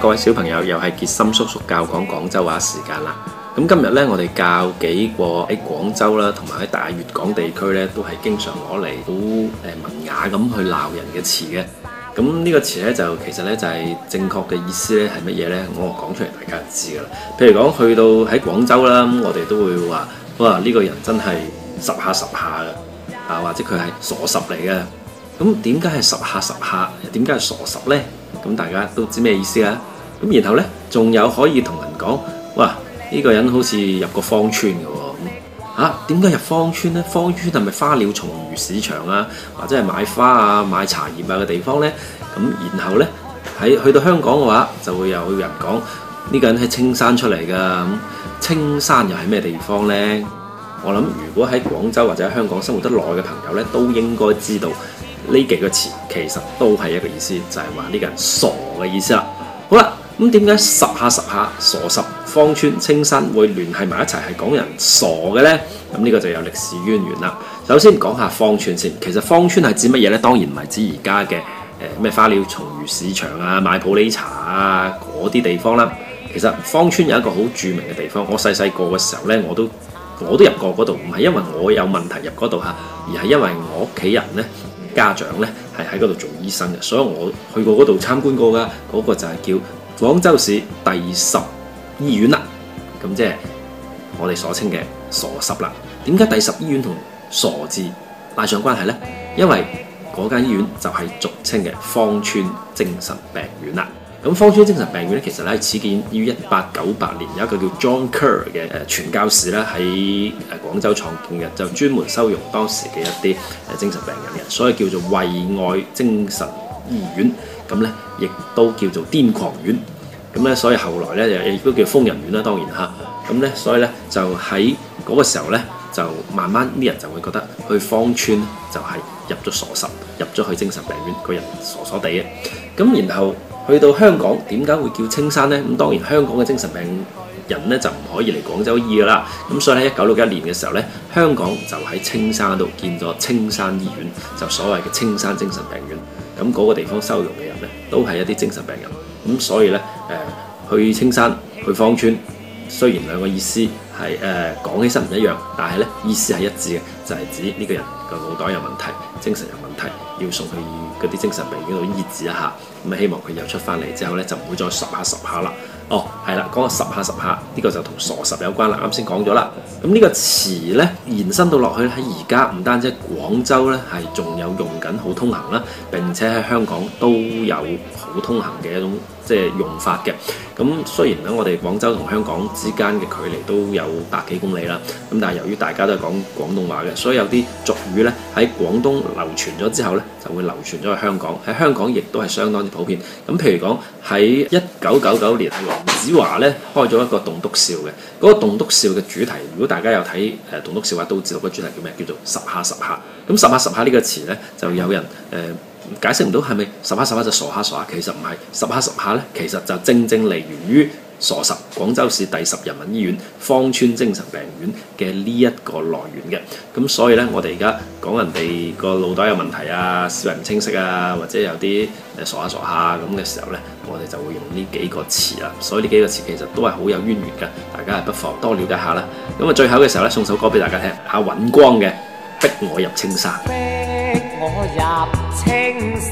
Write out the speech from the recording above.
各位小朋友，又係傑森叔叔教講廣州話時間啦。咁今日呢，我哋教幾個喺廣州啦，同埋喺大粵港地區呢，都係經常攞嚟好文雅咁去鬧人嘅詞嘅。咁呢個詞呢，就其實呢，就係正確嘅意思呢，係乜嘢呢？我講出嚟，大家就知噶啦。譬如講去到喺廣州啦，我哋都會話：「哇，呢個人真係十下十下噶，啊，或者佢係傻十嚟嘅！」咁點解係十下十下？點解係傻十呢？咁大家都知咩意思啊？咁然後呢，仲有可以同人講，哇！呢個人好似入過芳村嘅喎。咁嚇點解入芳村呢？芳村係咪花鳥蟲魚市場啊？或者係買花啊、買茶葉啊嘅地方呢？咁然後呢，喺去到香港嘅話，就會有人講呢個人喺青山出嚟㗎。咁青山又係咩地方呢？我諗如果喺廣州或者香港生活得耐嘅朋友呢，都應該知道。呢幾個詞其實都係一個意思，就係話呢個人傻嘅意思啦。好啦，咁點解十下十下、傻十、芳村、青山會聯繫埋一齊，係講人傻嘅呢？咁呢個就有歷史淵源啦。首先講下芳村先，其實芳村係指乜嘢呢？當然唔係指而家嘅誒咩花鳥蟲魚市場啊、買普洱茶啊嗰啲地方啦啊。其實芳村有一個好著名嘅地方，我細細個嘅時候呢，我都我都入過嗰度，唔係因為我有問題入嗰度吓，而係因為我屋企人呢。家長咧係喺嗰度做醫生嘅，所以我去過嗰度參觀過噶，嗰個就係叫廣州市第十醫院啦。咁即係我哋所稱嘅傻十啦。點解第十醫院同傻字帶上關係呢？因為嗰間醫院就係俗稱嘅芳村精神病院啦。咁芳村精神病院咧，其實咧係始建於一八九八年，有一個叫 John Kerr 嘅誒傳教士咧喺誒廣州創建嘅，就專門收容當時嘅一啲誒精神病人嘅，所以叫做惠愛精神醫院，咁咧亦都叫做癲狂院，咁咧所以後來咧亦都叫瘋人院啦，當然吓咁咧所以咧就喺嗰個時候咧。就慢慢啲人就會覺得去芳村就係入咗傻十，入咗去精神病院，個人傻傻地嘅。咁然後去到香港，點解會叫青山呢？咁當然香港嘅精神病人咧就唔可以嚟廣州醫噶啦。咁所以咧，一九六一年嘅時候呢，香港就喺青山度建咗青山醫院，就所謂嘅青山精神病院。咁、那、嗰個地方收容嘅人呢，都係一啲精神病人。咁所以呢，誒、呃、去青山去芳村，雖然兩個意思。係誒，講起實唔一樣，但係咧意思係一致嘅，就係、是、指呢個人個腦袋有問題，精神有問題，要送去嗰啲精神病院度醫治一下。咁啊，希望佢又出翻嚟之後咧，就唔會再十下十下啦。哦，係啦，講個十下十下，呢個就同傻十有關啦。啱先講咗啦，咁呢個詞呢，延伸到落去喺而家，唔單止廣州呢，係仲有用緊好通行啦，並且喺香港都有好通行嘅一種即係用法嘅。咁雖然咧我哋廣州同香港之間嘅距離都有百幾公里啦，咁但係由於大家都係講廣東話嘅，所以有啲俗語呢，喺廣東流傳咗之後呢，就會流傳咗去香港，喺香港亦都係相當之普遍。咁譬如講喺一九九九年，黃子華呢開咗一個棟篤笑嘅，嗰、那個棟篤笑嘅主題，如果大家有睇誒棟篤笑嘅話，都知道個主題叫咩？叫做十下十下。咁十下十下呢、這個詞呢，就有人誒、呃、解釋唔到係咪十下十下就是、傻下傻下，其實唔係十下十下呢，其實就正正嚟源於，傻十，廣州市第十人民醫院芳村精神病院嘅呢一個來源嘅，咁所以呢，我哋而家講人哋個腦袋有問題啊，思維唔清晰啊，或者有啲傻下傻下咁嘅時候呢，我哋就會用呢幾個詞啦。所以呢幾個詞其實都係好有淵源嘅，大家係不妨多了解下啦。咁啊，最後嘅時候呢，送首歌俾大家聽，下、啊、尹光嘅《逼我入青山》。逼我入青山